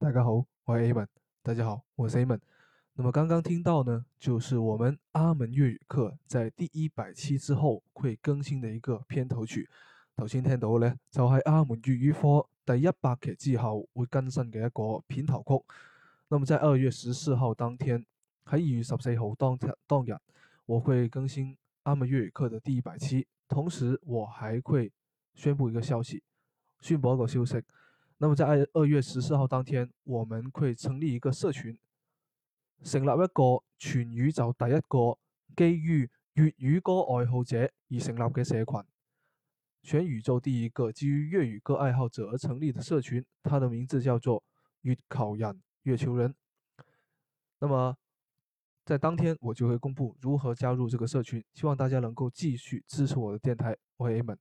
大家好，我係 Aman。大家好，我係 Aman。那麼剛剛聽到呢，就是我們阿門粵語課在第一百期之後會更新的一個片頭曲。頭先聽到呢，就係阿門粵語課第一百期之後會更新嘅一個片頭曲。那麼在二月十四號當天，喺二月十四號當當日，我會更新阿門粵語課的第一百期。同時，我還會宣佈一個消息，宣佈一個消息。那麼在二月十四號當天，我們會成立一個社群，成立一個全宇宙第一個基於粵語歌愛好者而成立嘅社群，全宇宙第一個基於粵語歌愛好者而成立的社群，它的名字叫做月球人。月球人。那麼在當天我就會公布如何加入這個社群，希望大家能夠繼續支持我的電台，我係 Amen。